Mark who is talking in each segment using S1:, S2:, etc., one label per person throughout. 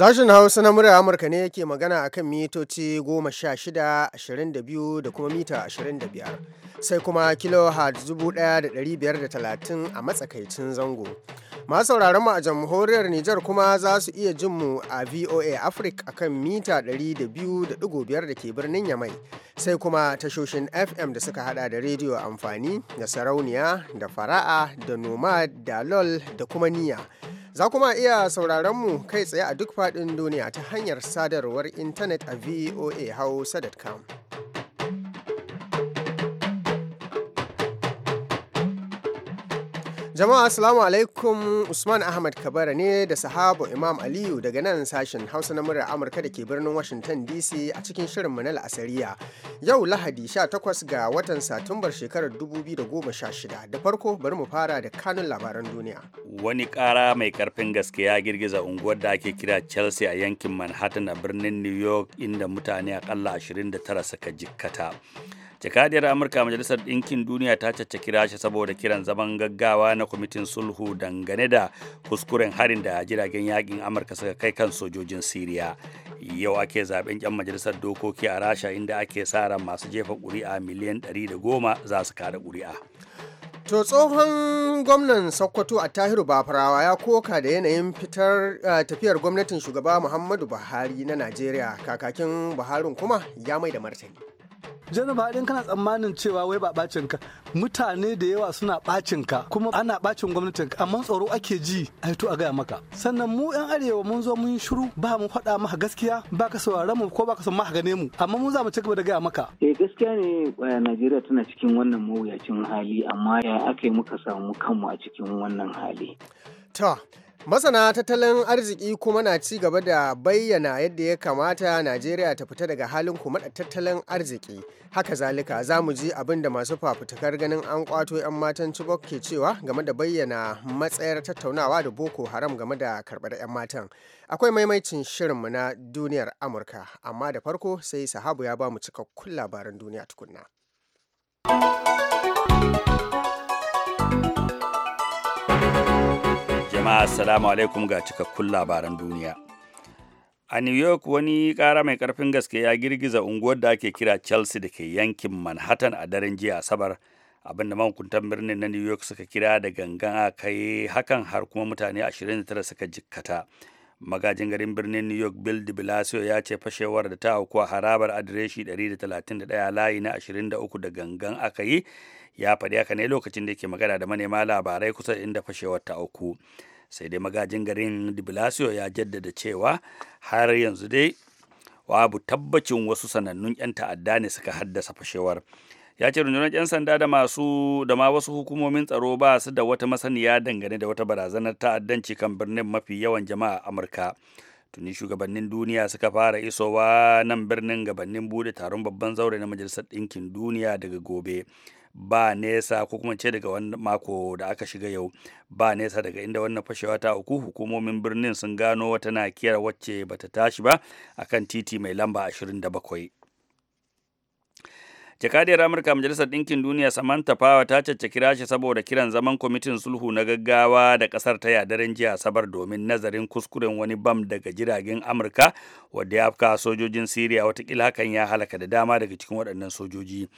S1: Sashen Hausa na murya Amurka ne yake magana akan mitoci goma sha shida, ashirin da kuma mita ashirin sai kuma kilohertz dubu ɗaya da ɗari biyar da talatin a matsakaicin zango. Masu sauraron mu a jamhuriyar Nijar kuma za su iya jin mu a VOA Africa akan mita 200.5 da ke birnin Yamai, sai kuma tashoshin FM da suka hada da rediyo amfani da sarauniya da fara'a da nomad da lol da kuma niya. Za kuma iya sauraron mu kai tsaye a duk faɗin duniya ta hanyar sadarwar intanet a voa hausa.com. Jama'a Assalamu alaikum Usman Ahmad Kabara ne da sahabu Imam Aliyu daga nan sashen Hausa na murar Amurka da ke birnin Washington DC a cikin shirin mu Asariya. Yau Lahadi 18 ga watan Satumbar shekarar 2016 da farko bari mu fara da kanun labaran duniya.
S2: Wani kara mai karfin gaske ya girgiza unguwar da ake kira Chelsea a yankin Manhattan a birnin New York inda mutane akalla 29 suka jikkata. jakadiyar amurka majalisar ɗinkin duniya ta caccaki rasha saboda kiran zaman gaggawa na kwamitin sulhu dangane da kuskuren harin da jiragen yakin amurka suka kai kan sojojin siriya yau ake zaben yan majalisar dokoki a rasha inda ake sa ran masu jefa ƙuri'a miliyan 110 za su kada ƙuri'a
S1: To tsohon gwamnan Sokoto a Tahiru Bafarawa ya koka da yanayin fitar eh, tafiyar gwamnatin shugaba Muhammadu Buhari na Najeriya kakakin Buharin kuma ya mai da martani.
S3: ba buhari kana tsammanin cewa wai ba bacin ka mutane da yawa suna bacin ka kuma ana bacin gwamnatin ka amma tsaro ake ji ai to a gaya maka sannan mu yan arewa mun zo mun shiru ba mu faɗa maka gaskiya ba ka saurare mu ko ba ka san maka gane mu amma mu za mu ci gaba da gaya maka
S4: eh gaskiya ne eh, Najeriya tana cikin wannan mawuyacin hali amma ya aka yi muka samu kanmu a cikin wannan hali ta
S1: Masana tattalin arziki kuma na ci gaba da bayyana yadda ya kamata Najeriya ta fita daga halin kuma kumaɗa tattalin arziki. Haka zalika za mu ji abin da masu fafutukar ganin an kwato 'yan matan Chibok ke cewa game da bayyana matsayar tattaunawa da Boko Haram game da karɓar 'yan matan. Akwai maimaicin mu na duniyar Amurka, amma da farko sai sahabu ya ba mu cikakkun labaran duniya tukunna.
S2: jama'a assalamu alaikum ga cikakkun labaran duniya a new york wani kara mai karfin gaske ya girgiza unguwar da ake kira chelsea da ke yankin manhattan a daren jiya asabar abinda mahukuntan birnin na new york suka kira da gangan a kai hakan har kuma mutane 29 suka jikkata magajin garin birnin new york bill de blasio ya ce fashewar da ta auku a harabar adireshi 131 layi na 23 da gangan aka yi ya faɗi haka ne lokacin da yake magana da manema labarai kusa inda fashewar ta auku sai dai magajin garin de blasio ya jaddada cewa har yanzu dai babu tabbacin wasu sanannun 'yan ta'adda ne suka haddasa fashewar ya ce rundunar 'yan sanda da masu da ma wasu hukumomin tsaro ba su da wata masaniya dangane da wata barazanar ta'addanci kan birnin mafi yawan jama'a a amurka tuni shugabannin duniya suka fara isowa nan birnin gabanin bude taron babban zaure na majalisar ɗinkin duniya daga gobe ba nesa ko kuma ce daga wani mako da aka shiga yau ba nesa daga inda wannan fashewa ta uku hukumomin birnin sun gano wata nakiyar wacce ba ta tashi ba a kan titi mai lamba 27 jakadiyar amurka majalisar ɗinkin duniya samantha power ta caccaki rashi saboda kiran zaman kwamitin sulhu na gaggawa da ƙasar ta yadaren jiya sabar domin nazarin kuskuren wani bam daga jiragen amurka wadda ya afka sojojin siriya watakila hakan ya halaka da dama daga cikin waɗannan sojoji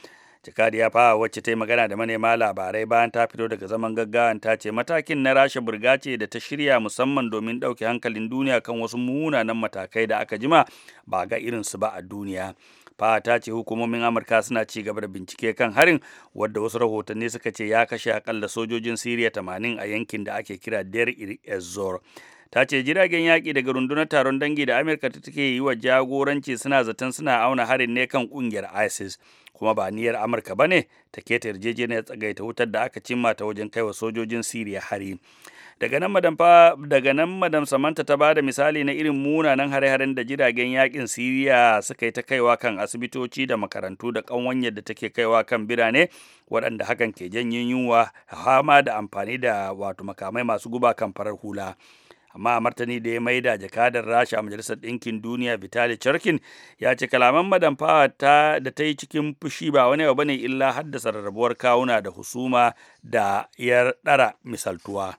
S2: ya fawa wacce ta yi magana da manema labarai bayan ta fito daga zaman gaggawan ta ce matakin na rasha burga ce da ta shirya musamman domin ɗauke hankalin duniya kan wasu munanan matakai da aka jima ba ga irinsu ba a duniya fa ta ce hukumomin amurka suna ci gaba da bincike kan harin wadda wasu rahotanni suka ce ya kashe akalla sojojin siriya tamanin a yankin da ake kira der ez-zor ta ce jiragen yaƙi daga rundunar taron dangi da amurka ta take yi wa jagoranci suna zaton suna auna harin ne kan ƙungiyar isis kuma ba niyyar amurka ba ne ta keta yarjejeniyar tsagaita wutar da aka cimma ta wajen kaiwa sojojin siriya hari daga nan madam daga nan madam samanta ta bada misali na irin munanan hare-haren da jiragen yakin siriya suka yi ta kaiwa kan asibitoci da makarantu da kanwanyar da take kaiwa kan birane waɗanda hakan ke janyin yunwa hama da amfani da wato makamai masu guba kan farar hula amma a martani da ya maida jakadar rasha a majalisar ɗinkin duniya vitali charkin ya ce kalaman madan ta da ta yi cikin fushi ba wani abu bane illa haddasa rarrabuwar kawuna da husuma da 'yar ɗara misaltuwa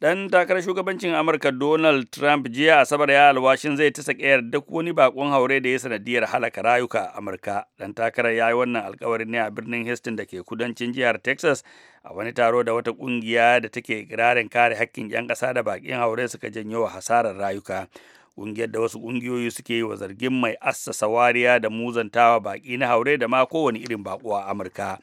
S2: Dan takarar shugabancin Amurka Donald Trump jiya Asabar ya alwashin zai ta sakayar duk wani bakon haure da ya sanadiyar halaka rayuka a Amurka. Dan takarar ya yi wannan alkawarin ne a birnin Houston da ke kudancin jihar Texas a wani taro da wata kungiya da take ikirarin kare hakkin 'yan ƙasa da bakin haure suka janyo wa hasarar rayuka. kungiyar da wasu ƙungiyoyi suke yi wa zargin mai assasa wariya da muzantawa baƙi na haure da ma kowane irin baƙo a Amurka.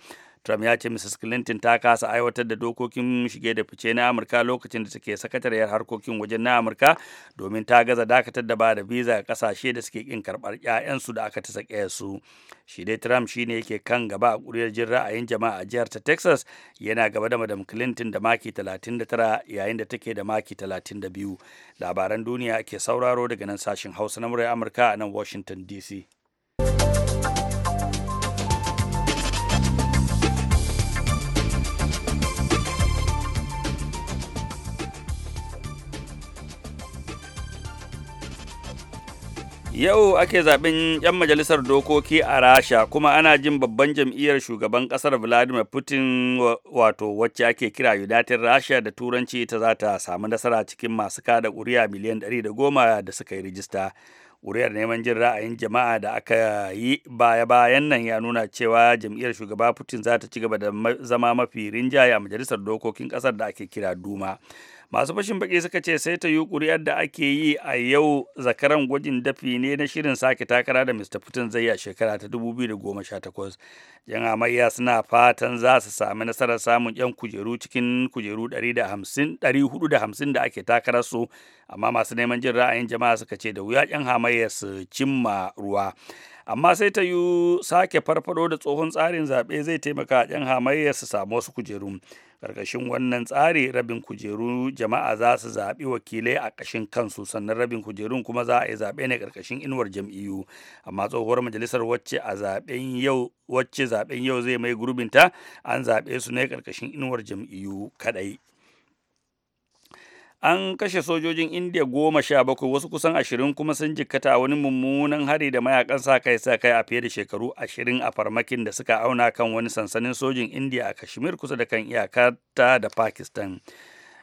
S2: Trump ya ce Mrs. Clinton ta kasa aiwatar da dokokin shige da fice na Amurka lokacin da take sakatariyar harkokin wajen na Amurka domin ta gaza dakatar da ba da visa ga kasashe da suke kin karbar ƴaƴansu da aka ta su. Shi dai Trump shine yake kan gaba a kuriyar jin ra'ayin jama'a a jihar ta Texas yana gaba da Madam Clinton da maki 39 yayin da take da maki 32. Labaran duniya ke sauraro daga nan sashen Hausa na muryar Amurka a nan Washington DC. Yau ake zaɓen 'yan majalisar dokoki a Rasha kuma ana jin babban jam'iyyar shugaban ƙasar Vladimir Putin wato wacce ake kira United Russia da Turanci ta za ta samu nasara cikin masu kada ƙuri'a miliyan 110 da suka yi rijista. Ƙuri'ar neman jin ra'ayin jama'a da aka yi baya-bayan nan ya nuna cewa jam'iyyar shugaba Putin za ta ci gaba da zama mafi rinjaye a majalisar dokokin ƙasar da ake kira Duma. masu fashin baki suka ce sai ta yi ƙuri'ar da ake yi a yau zakaran gwajin dafi ne na shirin sake takara da mr putin zai a shekara ta 2018 yan amayya suna fatan za su sami nasarar samun yan kujeru cikin kujeru 450 da ake takarar su amma masu neman jin ra'ayin jama'a suka ce da wuya yan hamayya su cimma ruwa amma sai ta yi sake farfado da tsohon tsarin zaɓe zai taimaka yan hamayya su samu wasu kujeru ƙarƙashin wannan tsari rabin kujeru jama'a za su zaɓi wakilai a ƙashin kansu sannan rabin kujerun kuma za a yi zaɓe ne ƙarƙashin inuwar jam'iyyu amma tsohuwar majalisar wacce a zaɓen yau wacce zaɓen yau zai mai gurbinta an zaɓe su ne ƙarƙashin inuwar jam'iyyu kaɗai. an kashe sojojin indiya goma sha bakwai wasu kusan ashirin kuma sun jikkata wani mummunan hari da mayakan sa kai sa kai a fiye da shekaru ashirin a farmakin da suka auna kan wani sansanin sojin indiya a kashmir kusa da kan iyakata da pakistan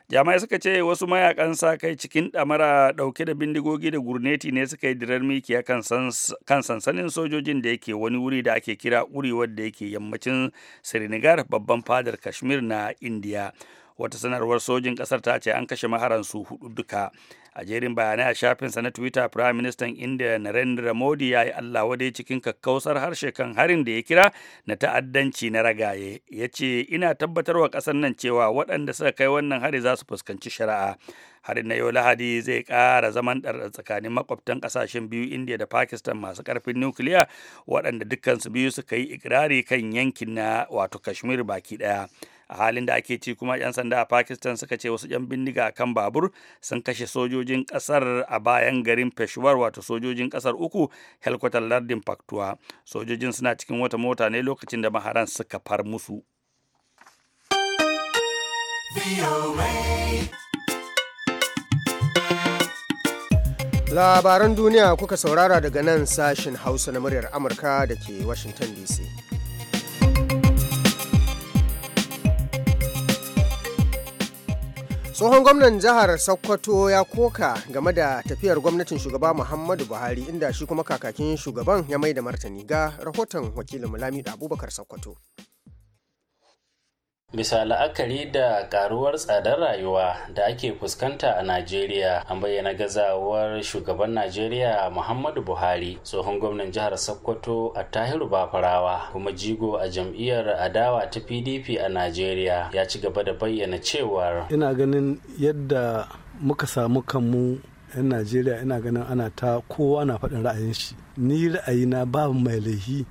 S2: jama'ai suka ce wasu mayakan sa kai cikin ɗamara ɗauke da bindigogi da gurneti ne suka yi dirar mikiya kan sansanin sojojin da yake wani wuri da ake kira uri wadda yake yammacin srinagar babban fadar kashmir na indiya wata sanarwar sojin kasar ta ce an kashe maharan su hudu duka a jerin bayanai a shafinsa na twitter prime minister india narendra modi ya yi allah wadai cikin kakkausar harshe kan harin da ya kira na ta'addanci na ragaye ya ce ina tabbatarwa kasar nan cewa waɗanda suka kai wannan hari za su fuskanci shari'a harin na yau lahadi zai ƙara zaman ɗarɗar tsakanin makwabtan ƙasashen biyu india da pakistan masu karfin nukiliya waɗanda dukkansu biyu suka yi ikirari kan yankin na wato kashmir baki ɗaya a halin da ake ci kuma 'yan sanda a pakistan suka ce wasu 'yan bindiga a kan babur sun kashe sojojin kasar a bayan garin peshawar wato sojojin kasar uku helkwatar lardin faktuwa sojojin suna cikin wata mota ne lokacin da maharan suka far musu
S1: labaran duniya kuka saurara daga nan sashin hausa na muryar amurka da ke washington dc tsohon gwamnan jihar sokoto ya koka game da tafiyar gwamnatin shugaba muhammadu buhari inda shi kuma kakakin shugaban ya mai da martani ga rahoton wakilin mulami da abubakar sokoto
S5: bisa la'akari da karuwar tsadar rayuwa da ake fuskanta a najeriya an bayyana gazawar shugaban najeriya muhammadu buhari tsohon gwamnan jihar sokoto a tahiru bafarawa kuma jigo a jam'iyyar adawa ta pdp a najeriya ya ci gaba da bayyana cewar
S3: ina ganin yadda muka samu kanmu 'yan najeriya ina ganin ana ta kowa na faɗin ra'ayin shi ni ra'ayina babu mai laihi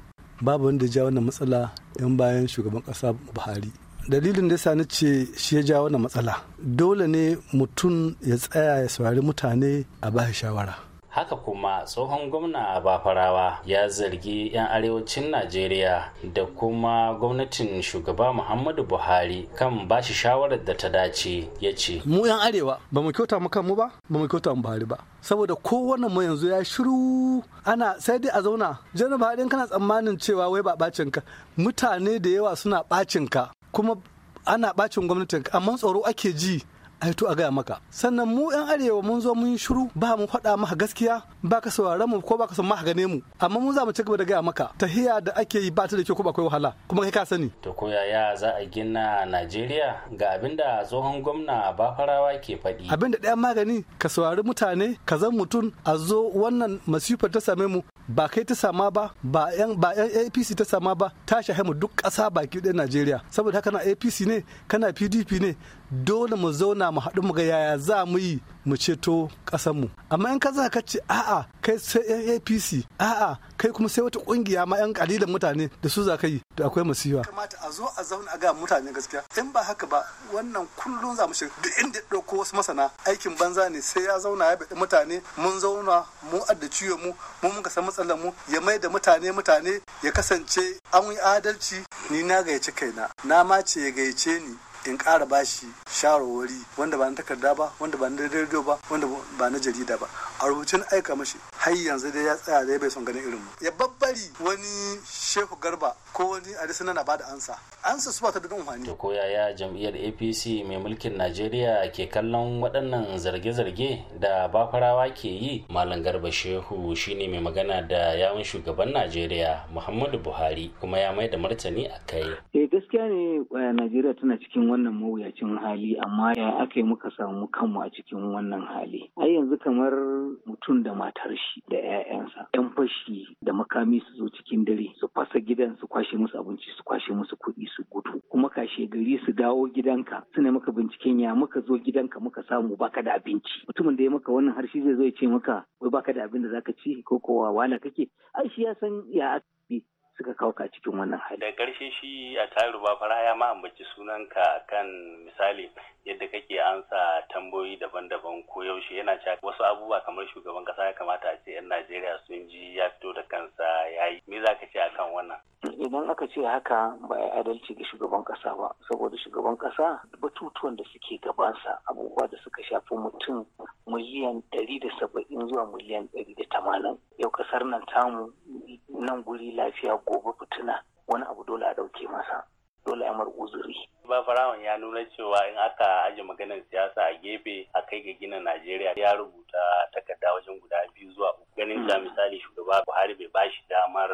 S3: babu wanda ja wannan matsala yan bayan shugaban kasa buhari dalilin da ya sani ce shi ya ja wannan matsala dole ne mutum ya tsaya ya saurari mutane a ba shawara
S5: haka kuma tsohon gwamna bafarawa ya zargi 'yan arewacin najeriya da kuma gwamnatin shugaba muhammadu buhari kan ba shi shawarar da ta dace ya ce
S3: mu 'yan arewa ba mu kyauta mu kanmu ba ba mu kyauta mu buhari ba saboda kowane mu yanzu ya shiru ana sai dai a zauna jana buhari kana tsammanin cewa wai ba bacin ka mutane da yawa suna bacin ka kuma ana bacin gwamnatin amma tsoro ake ji a to a gaya maka sannan mu yan arewa mun zo mun shiru ba mu faɗa maka gaskiya ba ka saurare mu ko ba ka san mu gane mu amma mun za mu ci da gaya maka tahiya da ake yi ba ta da kyau ko ba wahala kuma kai ka sani to
S5: ko yaya za a gina Najeriya ga abin da tsohon gwamna Bafarawa ke faɗi
S3: abin da ɗayan magani ka saurari mutane ka zan mutum a zo wannan masifar ta same mu ba kai ta sama ba ba yan APC ta sama ba ta shahe mu duk ƙasa baki ɗaya Najeriya saboda haka na APC ne kana PDP ne dole mu zauna mu haɗu mu ga yaya za mu yi mu ceto ƙasarmu amma in ka za ka ce a'a kai sai apc a'a kai kuma sai wata ƙungiya ma 'yan ƙalilan mutane da su za ka yi da akwai masiwa kamata a zo a zauna a ga mutane gaskiya in ba haka ba wannan kullum za mu shiga duk inda ɗauko wasu masana aikin banza ne sai ya zauna ya baɗi mutane mun zauna mu adda ciwo mu mu muka san matsalar mu ya mai da mutane mutane ya kasance an yi adalci ni na gayyace kaina na ma ce ya gayyace ni in ƙara bashi shawarwari wanda ba na takarda ba wanda ba na rediyo ba wanda ba na jarida ba a rubucin aika mashi har yanzu dai ya tsaya dai bai son ganin irin mu ya babbari wani shehu garba ko wani adisina na bada ansa ansa su ba ta bidon wani to ko
S5: yaya jam'iyyar APC mai mulkin Najeriya ke kallon waɗannan zarge-zarge da bafarawa ke yi malam garba shehu shine mai magana da yawun shugaban Najeriya Muhammadu Buhari kuma ya mai da martani a kai
S4: eh gaskiya ne eh, Najeriya tana cikin wannan mawuyacin hali amma ya aka yi muka samu kanmu a cikin wannan hali ai yanzu kamar mutum da matar shi da 'ya'yansa yan fashi da makami su zo cikin dare su fasa gidan su kwashe musu abinci su kwashe musu kuɗi su gudu kuma kashe gari su dawo gidanka suna maka binciken ya muka zo gidanka muka samu baka da abinci mutumin da ya maka wannan harshe zai zo ya ce maka wai baka da abin da zaka ci ko kowa wana kake ai shi ya san ya suka kauka cikin wannan hali.
S5: Da ƙarshe shi a tayar ba fara ya ma ambaci sunanka kan misali yadda kake ansa tambayoyi daban-daban ko yaushe yana cewa wasu abubuwa kamar shugaban kasa ya kamata a ce 'yan Najeriya sun ji ya fito da kansa ya yi. Me za ka ce akan wannan?
S4: Idan aka ce haka ba ya adalci ga shugaban kasa ba saboda shugaban kasa batutuwan da suke gabansa abubuwa da suka shafi mutum miliyan ɗari da saba'in zuwa miliyan ɗari da tamanin yau kasar nan tamu nan guri lafiya gobe fituna wani abu dole a dauke masa dole a uzuri.
S5: ba farawan ya nuna cewa in aka aje maganar siyasa a gefe a kai ga gina najeriya ya rubuta takarda wajen guda biyu zuwa uku ganin da hmm. misali shugaba buhari bai bashi damar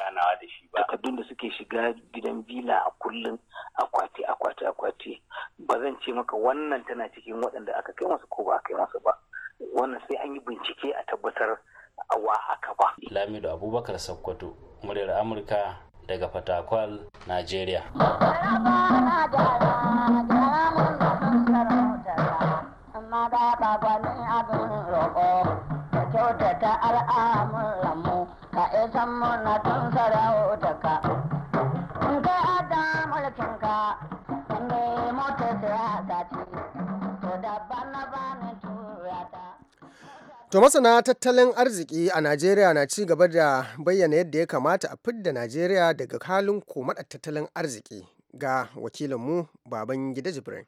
S5: ganawa da shi
S4: ba takardun da suke shiga gidan bila a kullum akwati akwati akwati ba zan ce maka wannan tana cikin waɗanda aka kai masu
S5: abubakar sokoto muryar amurka daga fatakwal nigeria mu na tun
S1: To masana tattalin arziki a Najeriya na ci gaba da bayyana yadda ya kamata a fidda Najeriya daga halin komaɗar tattalin arziki ga wakilinmu gida Jibrin.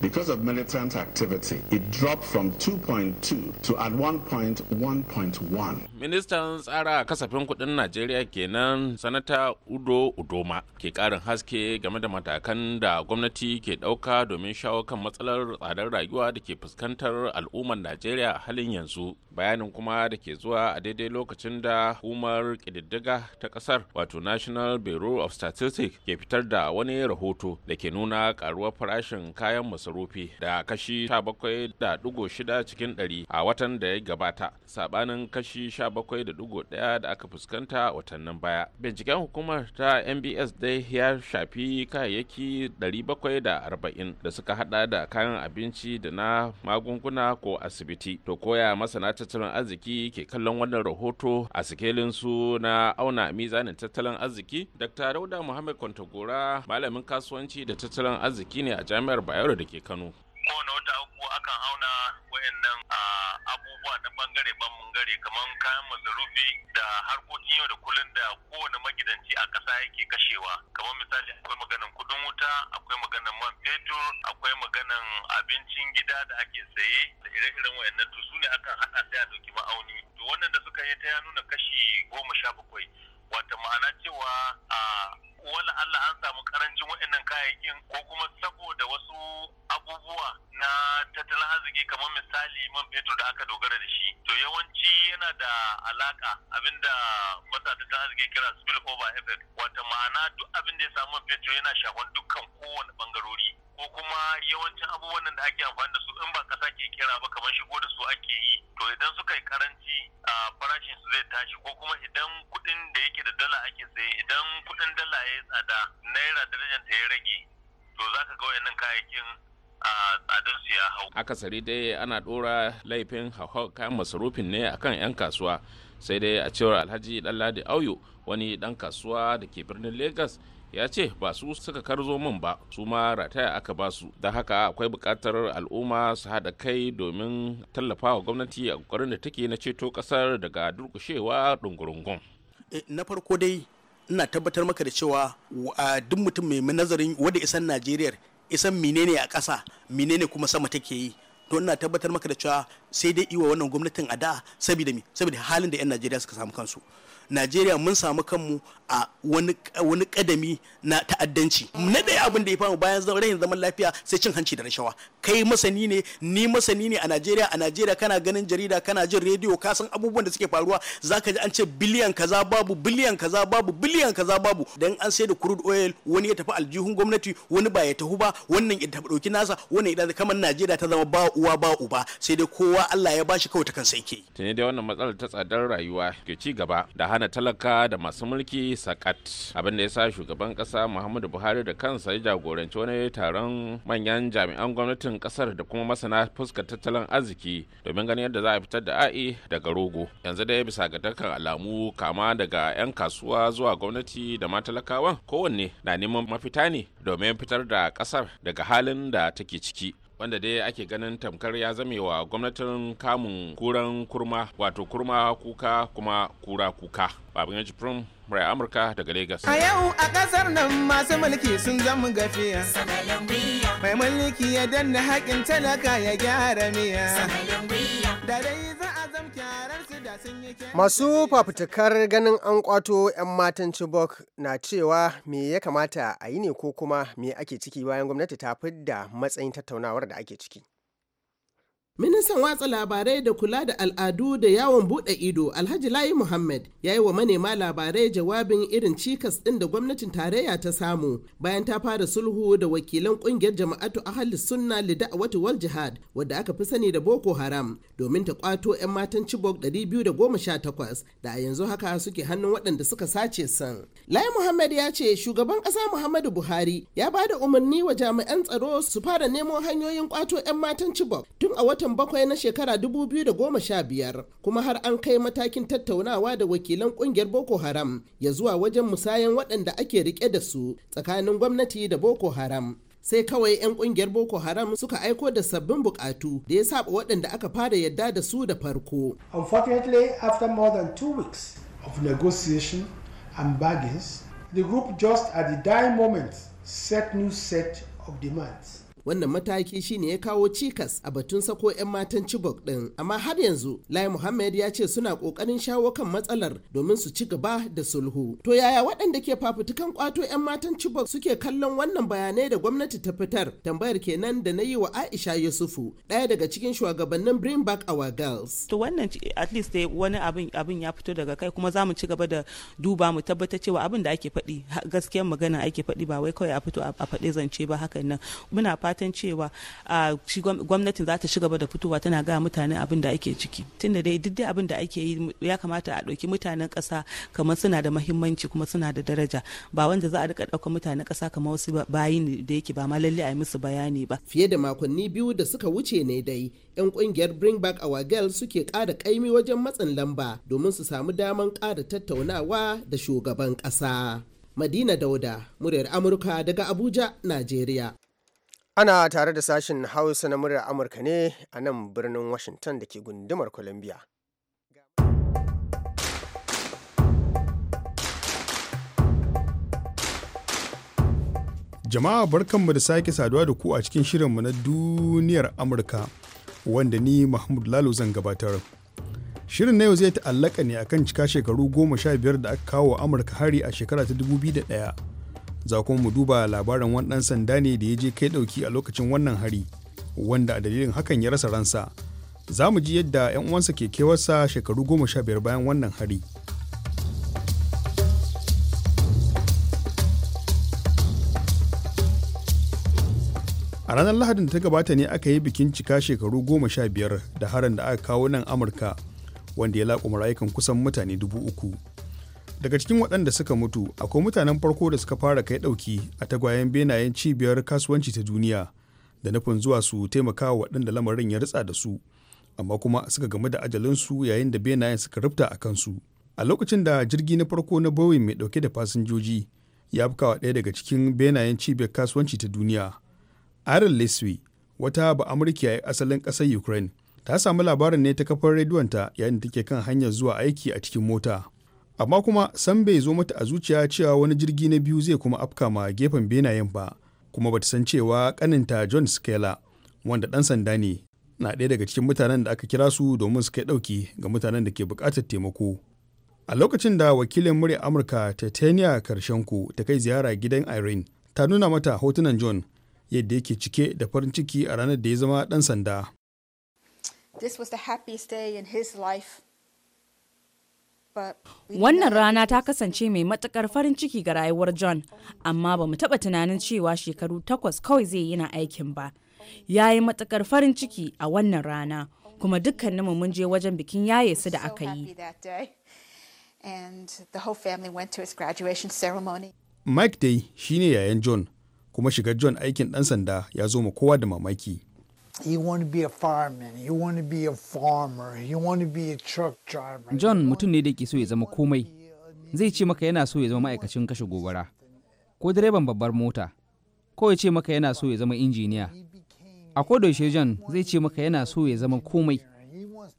S6: Because of militant activity, it dropped from 2.2 to at one point 1.1. Ministan tsara kasafin kudin Najeriya kenan sanata Udo Udoma ke karin haske game da matakan da gwamnati ke dauka domin shawo kan matsalar tsadar rayuwa da ke fuskantar al'ummar Najeriya halin yanzu. Bayanin kuma da ke zuwa a daidai lokacin da umar kididdiga ta kasar wato National Bureau of Statistics ke fitar da wani rahoto da ke nuna karuwar farashin kayan masu masarufi da kashi 17.6 cikin 100 a watan da ya gabata sabanin kashi 17.1 da aka fuskanta watannin baya binciken hukumar ta mbs dai ya shafi kayayyaki 740 da suka hada da kayan abinci da na magunguna ko asibiti to koya masana tattalin arziki ke kallon wannan rahoto a sikelin su na auna mizanin tattalin arziki dr dauda muhammad kwantagora malamin kasuwanci da tattalin arziki ne a jami'ar bayero da ke ke Kano. Kowane wata uku akan auna wayannan
S2: abubuwa na bangare bangare kamar kayan masarufi da harkokin yau da kullum da kowane magidanci a ƙasa yake kashewa. Kamar misali akwai maganan kudin wuta, akwai maganan man fetur, akwai maganan abincin gida da ake saye da ire-iren wayannan to su ne akan haɗa sai a ɗauki ma'auni. To wannan da suka yi ta ya nuna kashi goma sha bakwai. Wata ma'ana cewa a wala Allah an samu karancin waɗannan kayayyakin ko kuma saboda wasu abubuwa na tattalin arziki kamar misali man fetur da aka dogara da shi to yawanci yana da alaka abinda masa tattalin arziki kira spill over effect wata ma'ana duk abin da ya samu man fetur yana shafan dukkan kowane bangarori ko kuma yawancin abubuwan nan da ake amfani da su in ba kasa ke kira ba kamar shigo da su ake yi to idan suka yi karanci a farashin su zai tashi ko kuma idan kuɗin da yake da dala ake saye
S6: idan kuɗin dala ya yi tsada naira darajar ta ya rage to zaka ga wayannan kayayyakin su ya hau akasari dai ana dora laifin hauhau kayan masarufin ne akan 'yan kasuwa sai dai a cewar alhaji ɗanladi auyo wani ɗan kasuwa da ke birnin lagos ya ce ba su suka karzo min ba su ma rataya aka ba su don haka akwai buƙatar al'umma su haɗa kai domin tallafa wa gwamnati a ƙoƙarin da take na ceto ƙasar daga durƙushewa ɗungurungun
S7: eh, na farko dai ina tabbatar maka da cewa duk mutum mai nazarin wanda isan najeriya isan menene a ƙasa menene kuma sama take yi don ina tabbatar maka da cewa sai dai iwa wannan gwamnatin a da saboda me saboda halin da 'yan najeriya suka samu kansu najeriya mun samu kanmu a wani kadami na ta'addanci na ɗaya abin da ya famu bayan rahin zaman lafiya sai cin hanci da rashawa kai masani ne ni masani ne a najeriya a najeriya kana ganin jarida kana jin rediyo ka san abubuwan da suke faruwa zaka ji an ce biliyan kaza babu biliyan kaza babu biliyan kaza babu dan an sai da crude oil wani ya tafi aljihun gwamnati wani ba ya tafi ba wannan ya tafi dauki nasa wannan idan kamar najeriya ta zama ba uwa ba uba sai dai kowa Allah ya bashi kawai ta kansa yake
S6: tuni da wannan matsalar ta tsadar rayuwa ke ci gaba da hana talaka da masu mulki sakat abin da ya sa shugaban kasa Muhammadu Buhari da kansa ya jagoranci wani taron manyan jami'an gwamnatin kasar da kuma masana fuskar tattalin arziki domin ganin yadda za a fitar da a'i daga rogo yanzu dai bisa ga dukkan alamu kama daga 'yan kasuwa zuwa gwamnati da ma talakawan kowanne na neman mafita ne domin fitar da kasar daga halin da take ciki wanda dai ake ganin tamkar ya zame wa gwamnatin kamun kuran kurma wato kurma kuka kuma kura kuka babin yanci prim murai amurka daga lagos a yau
S7: a kasar nan masu mulki sun zama gafiya mai mulki ya danna haƙin talaka ya gyara miya da dai za a
S1: Masu fafutukar ganin an kwato 'yan matan Chibok na cewa me ya kamata a yi ne ko kuma me ake ciki bayan gwamnati ta fidda matsayin tattaunawar da ake ciki.
S7: Ministan watsa labarai da kula da al'adu da yawon buɗe ido Alhaji Layi Muhammad ya yi wa manema labarai jawabin irin cikas ɗin da gwamnatin tarayya ta samu bayan ta fara sulhu da wakilan ƙungiyar jama'atu ahalus sunna wata wal jihad wadda aka fi sani da Boko Haram domin ta kwato 'yan matan Chibok biyu da goma sha da a yanzu haka suke hannun waɗanda suka sace san. Layi Muhammad ya ce shugaban ƙasa Muhammadu Buhari ya ba da umarni wa jami'an tsaro su fara nemo hanyoyin kwato 'yan matan Chibok tun a wata watan bakwai na shekara 2015 kuma har an kai matakin tattaunawa da wakilan kungiyar Boko Haram ya zuwa wajen musayan waɗanda ake rike da su tsakanin gwamnati da Boko Haram. sai kawai 'yan kungiyar boko haram suka aiko da sabbin bukatu da ya saba waɗanda aka fara yadda da su da farko unfortunately after more than two
S8: weeks of negotiation and bargains the group just at the dying moment set new set of demands
S7: wannan mataki shine ya kawo cikas a batun sako 'yan matan Chibok din amma har yanzu Lai Muhammad ya ce suna kokarin shawo kan matsalar domin su ci gaba da sulhu to yaya waɗanda ke fafutukan kwato 'yan matan Chibok suke kallon wannan bayanai da gwamnati ta fitar tambayar kenan da na yi wa Aisha Yusufu ɗaya daga cikin shugabannin Bring Back Our Girls to wannan at least dai wani abin abin ya fito daga kai kuma za mu ci gaba da duba mu tabbatar cewa abin da ake faɗi gaskiyar magana ake faɗi ba wai kawai a fito a faɗi zance ba hakan nan muna fata fatan cewa a gwamnatin za ta ci gaba da fitowa tana ga mutane abin da ake ciki tunda dai duk abin da ake yi ya kamata a ɗauki mutanen ƙasa kamar suna da mahimmanci kuma suna da daraja ba wanda za a rika ɗaukar mutanen ƙasa kamar wasu bayi ne da yake ba ma lalle a yi musu bayani ba fiye da makonni biyu da suka wuce ne dai yan kungiyar bring back our girls suke ƙara ƙaimi wajen matsin lamba domin su samu daman ƙara tattaunawa da shugaban ƙasa madina dauda muryar amurka
S1: daga abuja najeriya Ana tare da sashen Hausa na muryar Amurka ne a nan birnin Washington da ke gundumar Columbia.
S8: Jama'a barkanmu da sake saduwa da ku a cikin shirinmu na duniyar Amurka wanda ni Mahmud Lalo zan gabatar. Shirin na yau zai ta'allaka ne akan cika shekaru goma sha biyar da aka kawo Amurka hari a shekara ta 2001. za kuma mu duba labarin wani ɗan sanda ne da ya je kai ɗauki a lokacin wannan hari wanda a dalilin hakan ya rasa ransa za mu ji yadda 'yan uwansa ke kewarsa shekaru goma sha biyar bayan wannan hari a ranar lahadin da ta gabata ne aka yi bikin cika shekaru goma sha biyar da harin da aka kawo nan amurka wanda ya laƙo rayukan kusan mutane dubu uku daga cikin waɗanda suka mutu akwai mutanen farko da suka fara kai ɗauki a tagwayen benayen cibiyar kasuwanci ta duniya da nufin zuwa su taimaka wa waɗanda lamarin ya ritsa da su amma kuma suka gamu da ajalinsu yayin da benayen suka rufta a kansu a lokacin da jirgi na farko na boeing mai ɗauke da fasinjoji ya afkawa ɗaya daga cikin benayen cibiyar kasuwanci ta duniya aaron leslie wata ba amurkiya ya asalin ƙasar ukraine ta samu labarin ne ta kafar rediyonta yayin da take kan hanyar zuwa aiki a cikin mota amma kuma san bai zo mata a zuciya cewa wani jirgi na biyu zai kuma afka ma gefen benayen ba kuma bata san cewa kaninta john skela wanda dan sanda ne na ɗaya daga cikin mutanen da aka kira su domin su kai ɗauki ga mutanen da ke buƙatar taimako a lokacin da wakilin murya amurka titania karshenko ta kai ziyara gidan irene ta nuna mata hotunan john yadda yake cike da farin ciki a ranar da ya zama ɗan sanda This was the happiest his life.
S2: Wannan rana ta kasance mai matukar farin ciki ga rayuwar John, amma ba mu taɓa tunanin cewa shekaru takwas kawai zai yi na aikin ba. Ya yi matukar farin ciki a wannan rana, kuma dukkan mun je wajen bikin yaye su da aka yi.
S8: Mike shi shine yayan John, kuma shiga John aikin ɗan sanda ya zo ma kowa da mamaki. John mutum ne da ke so ya
S7: zama komai. Zai ce maka yana so ya zama ma'aikacin kashe gobara, ko direban babbar mota, ko ya ce maka yana so ya zama injiniya. A kodayaushe John zai ce maka yana so ya zama komai.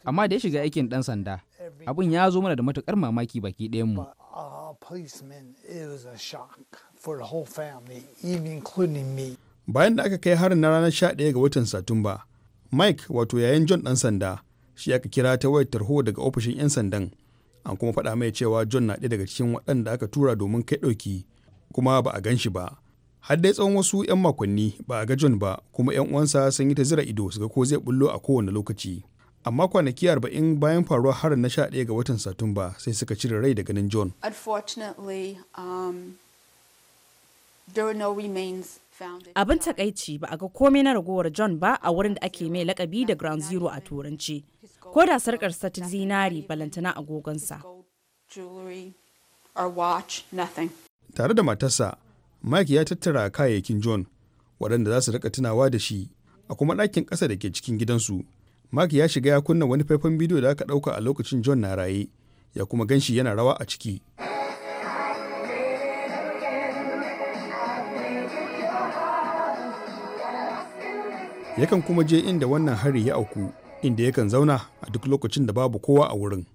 S7: Amma da ya shiga aikin ɗan sanda, abin ya zo mana da matukar
S8: mamaki baki ɗayanmu.
S3: A policeman is a shock for the whole family, even including me.
S8: bayan da aka kai harin na ranar 11 ga watan satumba mike wato yayan john dan sanda shi aka kira ta wayar tarho daga ofishin 'yan sandan an kuma faɗa mai cewa john na ɗaya daga cikin waɗanda aka tura domin kai ɗauki kuma ba a gan shi ba har dai tsawon wasu 'yan makonni ba a ga john ba kuma 'yan uwansa sun yi ta zira ido su ga ko zai bullo a kowane lokaci amma kwanaki 40 bayan faruwar harin na 11 ga watan satumba sai suka cire rai da ganin john unfortunately um, there no remains
S2: Abin takaici ba a ga komai na ragowar John ba a wurin da ake mai lakabi da Ground Zero a turanci, ko da sarkar sa ta zinari balantana agogonsa.
S8: Tare da matarsa, Mike ya tattara kayayyakin John waɗanda za su rika tunawa da shi a kuma ɗakin ƙasa da ke cikin gidansu. Mike ya shiga ya kunna wani faifan bidiyo da aka ɗauka a lokacin John na raye, ya kuma ganshi yana rawa a ciki. yakan kuma je inda wannan hari ya auku inda yakan zauna a duk lokacin da babu kowa a wurin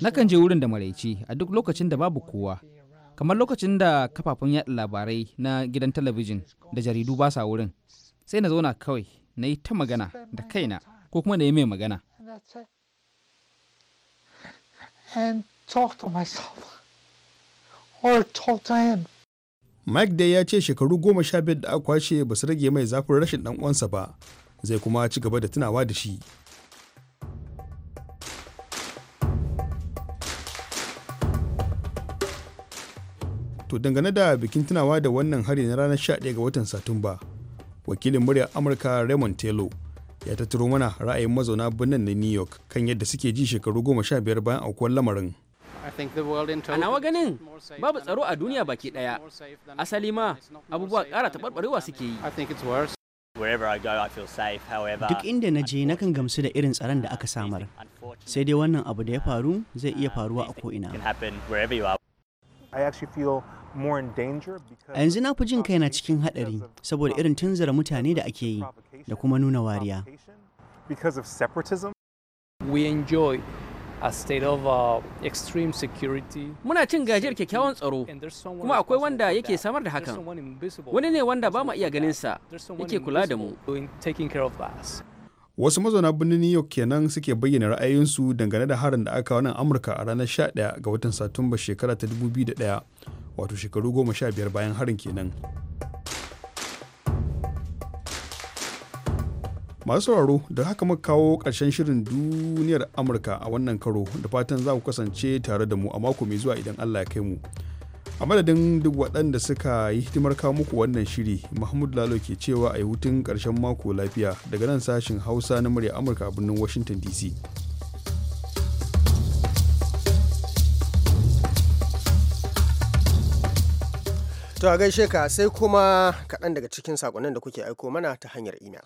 S8: nakan je wurin
S7: da maraici a duk lokacin da babu kowa kamar lokacin da kafafen yaɗa labarai na gidan talabijin da jaridu ba sa wurin sai na zauna kawai na yi ta magana da
S8: kaina ko kuma na yi mai magana And Mike dai ya ce shekaru goma sha biyar da aka kwashe ba su rage mai zafin rashin dan uwansa ba, zai kuma ci gaba da tunawa da shi. To dangane da bikin tunawa da wannan hari na ranar 11 ga watan Satumba, wakilin muryar Amurka Raymond Taylor ya tattaro mana ra'ayin mazauna birnin na New York kan yadda suke ji shekaru goma sha biyar bayan aukuwar lamarin.
S5: A nawa ganin babu tsaro a duniya baki daya. Asali ma abubuwa ƙara taɓarɓarewa suke yi. Duk
S1: inda na je nakan gamsu da irin tsaron da aka samar. Sai dai wannan abu da ya faru zai iya uh, faruwa a ko'ina. A yanzu na fi jin kai na cikin haɗari saboda irin tunzura mutane da ake yi da kuma nuna wariya.
S5: We enjoy a state of uh, security. Muna cin gajiyar kyakkyawan tsaro kuma akwai wanda yake samar da hakan. Wani ne wanda ba mu iya ganin sa yake kula da mu.
S8: Wasu mazauna birnin New York kenan suke bayyana ra'ayinsu dangane da harin da aka wani Amurka a ranar 11 ga watan Satumba shekara ta 2001 wato shekaru 15 bayan harin kenan. masu sauraro da haka muka kawo ƙarshen shirin duniyar amurka a wannan karo da fatan za ku kasance tare da mu a mako mai zuwa idan allah ya kai mu a madadin duk waɗanda suka yi hidimar kawo muku wannan shiri mahmud lalo ke cewa a yi hutun ƙarshen mako lafiya daga nan sashin hausa na murya amurka a birnin washington dc
S1: to a gaishe ka sai kuma kaɗan daga cikin saƙonnin da kuke aiko mana ta hanyar ina.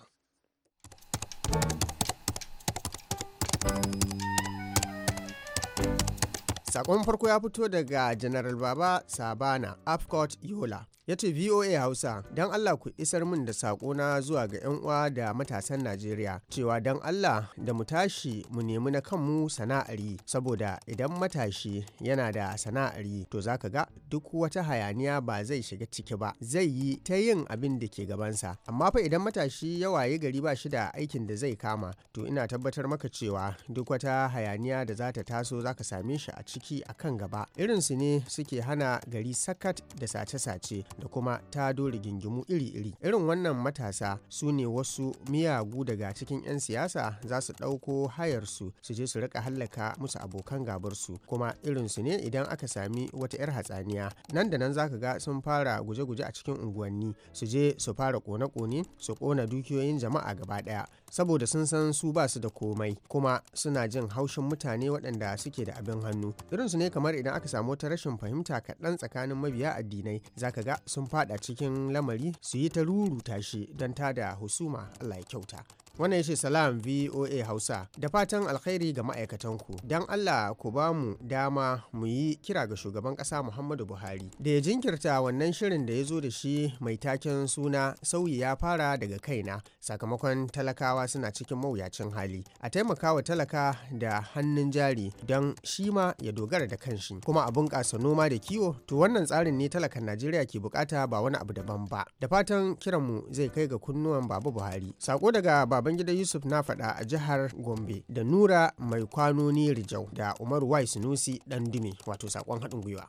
S1: sakon farko ya fito daga general baba sabana afcot yola ya ce voa hausa don allah ku isar min da na zuwa ga 'yan uwa da matasan najeriya cewa don allah da mu tashi mu nemi na kanmu sana'ari saboda idan matashi yana da sana'ari to zaka ga duk wata hayaniya ba zai shiga ciki ba zai yi ta yin abin da ke gabansa amma fa idan matashi ya waye gari ba shi da aikin da zai kama to ina tabbatar maka cewa duk wata hayaniya da za ta taso zaka same shi a ciki a kan gaba irinsu ne suke hana gari sakat da sace-sace da kuma tado rigingimu iri-iri irin wannan matasa su ne wasu miyagu daga cikin 'yan siyasa za su ɗauko hayarsu su je su rika hallaka musu abokan gabarsu kuma irinsu ne idan aka sami wata 'yar hatsaniya nan da nan za ka ga sun fara guje-guje a cikin unguwanni su je su fara kone-kone su kona dukiyoyin jama'a gaba ɗaya saboda sun san su ba su da komai kuma suna jin haushin mutane waɗanda suke da abin hannu irinsu ne kamar idan aka samu wata rashin fahimta kaɗan tsakanin mabiya addinai zaka ga sun fada cikin lamari su yi ta ruru tashi don tada husuma Allah ya kyauta wannan ce salam voa hausa da fatan alkhairi ga ma'aikatanku don allah ku ba mu dama mu yi kira ga shugaban kasa muhammadu buhari da ya jinkirta wannan shirin da ya zo da shi mai taken suna sauyi ya fara daga kaina sakamakon talakawa suna cikin mawuyacin hali a taimakawa talaka da hannun jari don shi ma ya dogara da kanshi kuma a bunƙasa noma da kiwo to wannan tsarin ne talakan najeriya ke bukata ba wani abu daban ba da fatan kiranmu zai kai ga kunnuwan babu buhari sako daga baba Babangida Yusuf na faɗa a jihar Gombe da Nura mai kwanoni Rijau da Umaru Wai Sunusi ɗan dume wato sakon haɗin gwiwa.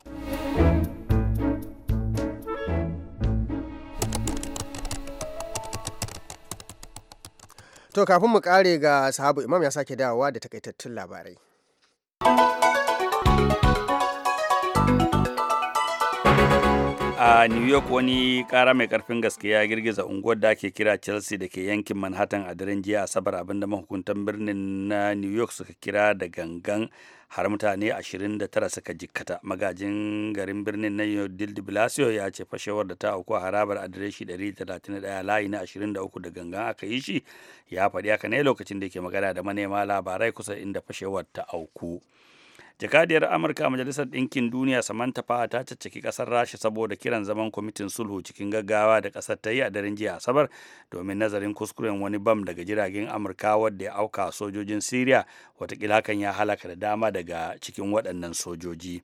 S1: To kafin mu ƙare ga sahabu imam ya sake dawowa da takaitattun labarai.
S2: a new york wani kara mai karfin gaske ya girgiza unguwar da ake kira chelsea da ke yankin manhattan a daren jiya asabar abinda mahukuntan birnin na new york suka kira da gangan har mutane 29 suka jikkata magajin garin birnin na Dil de Blasio ya ce fashewar da ta auku a harabar adireshi 131 layi na 23 da gangan aka yi shi ya faɗi haka ne lokacin da ke magana da manema labarai kusa inda fashewar ta auku. jakadiyar amurka a majalisar ɗinkin duniya samantha fa ta caccaki ƙasar rasha saboda kiran zaman kwamitin sulhu cikin gaggawa da ƙasar ta yi a daren jiya asabar domin nazarin kuskuren wani bam daga jiragen amurka wadda ya auka sojojin syria watakila hakan ya halaka da dama daga cikin waɗannan sojoji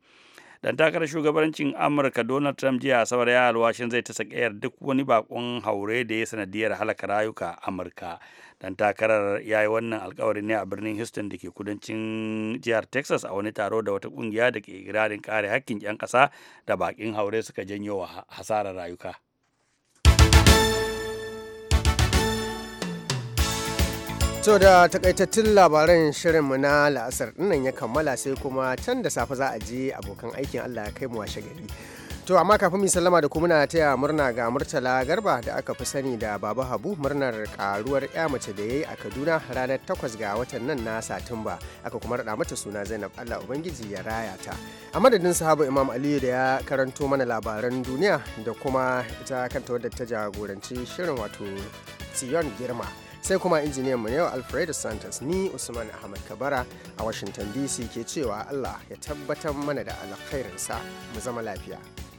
S2: dan takarar shugabancin amurka donald trump jiya asabar ya alwashin zai ta duk wani bakon haure da ya sanadiyar halaka rayuka amurka dan takarar ya yi wannan alkawarin ne a birnin houston da ke kudancin jihar texas a wani taro da wata kungiya da ke girarin kare hakkin 'yan kasa da bakin haure suka janyo wa hasarar rayuka
S1: To da takaitattun labaran shirinmu na la'asar dinnan ya kammala sai kuma can da safe za a je abokan aikin Allah ya kai mu washe gari. To amma kafin mu sallama da kuma muna taya murna ga Murtala Garba da aka fi sani da Baba Habu murnar karuwar ya mace da yayi a Kaduna ranar 8 ga watan nan na Satumba aka kuma rada mata suna Zainab Allah Ubangiji ya raya ta. A madadin sahaba Imam Aliyu da ya karanto mana labaran duniya da kuma ita kanta wadda ta jagoranci shirin wato Tsiyon Girma. Sai kuma injiniyan mu yau Alfred Santos ni Usman Ahmad Kabara a Washington DC ke cewa Allah ya tabbatar mana da alkhairinsa mu zama lafiya.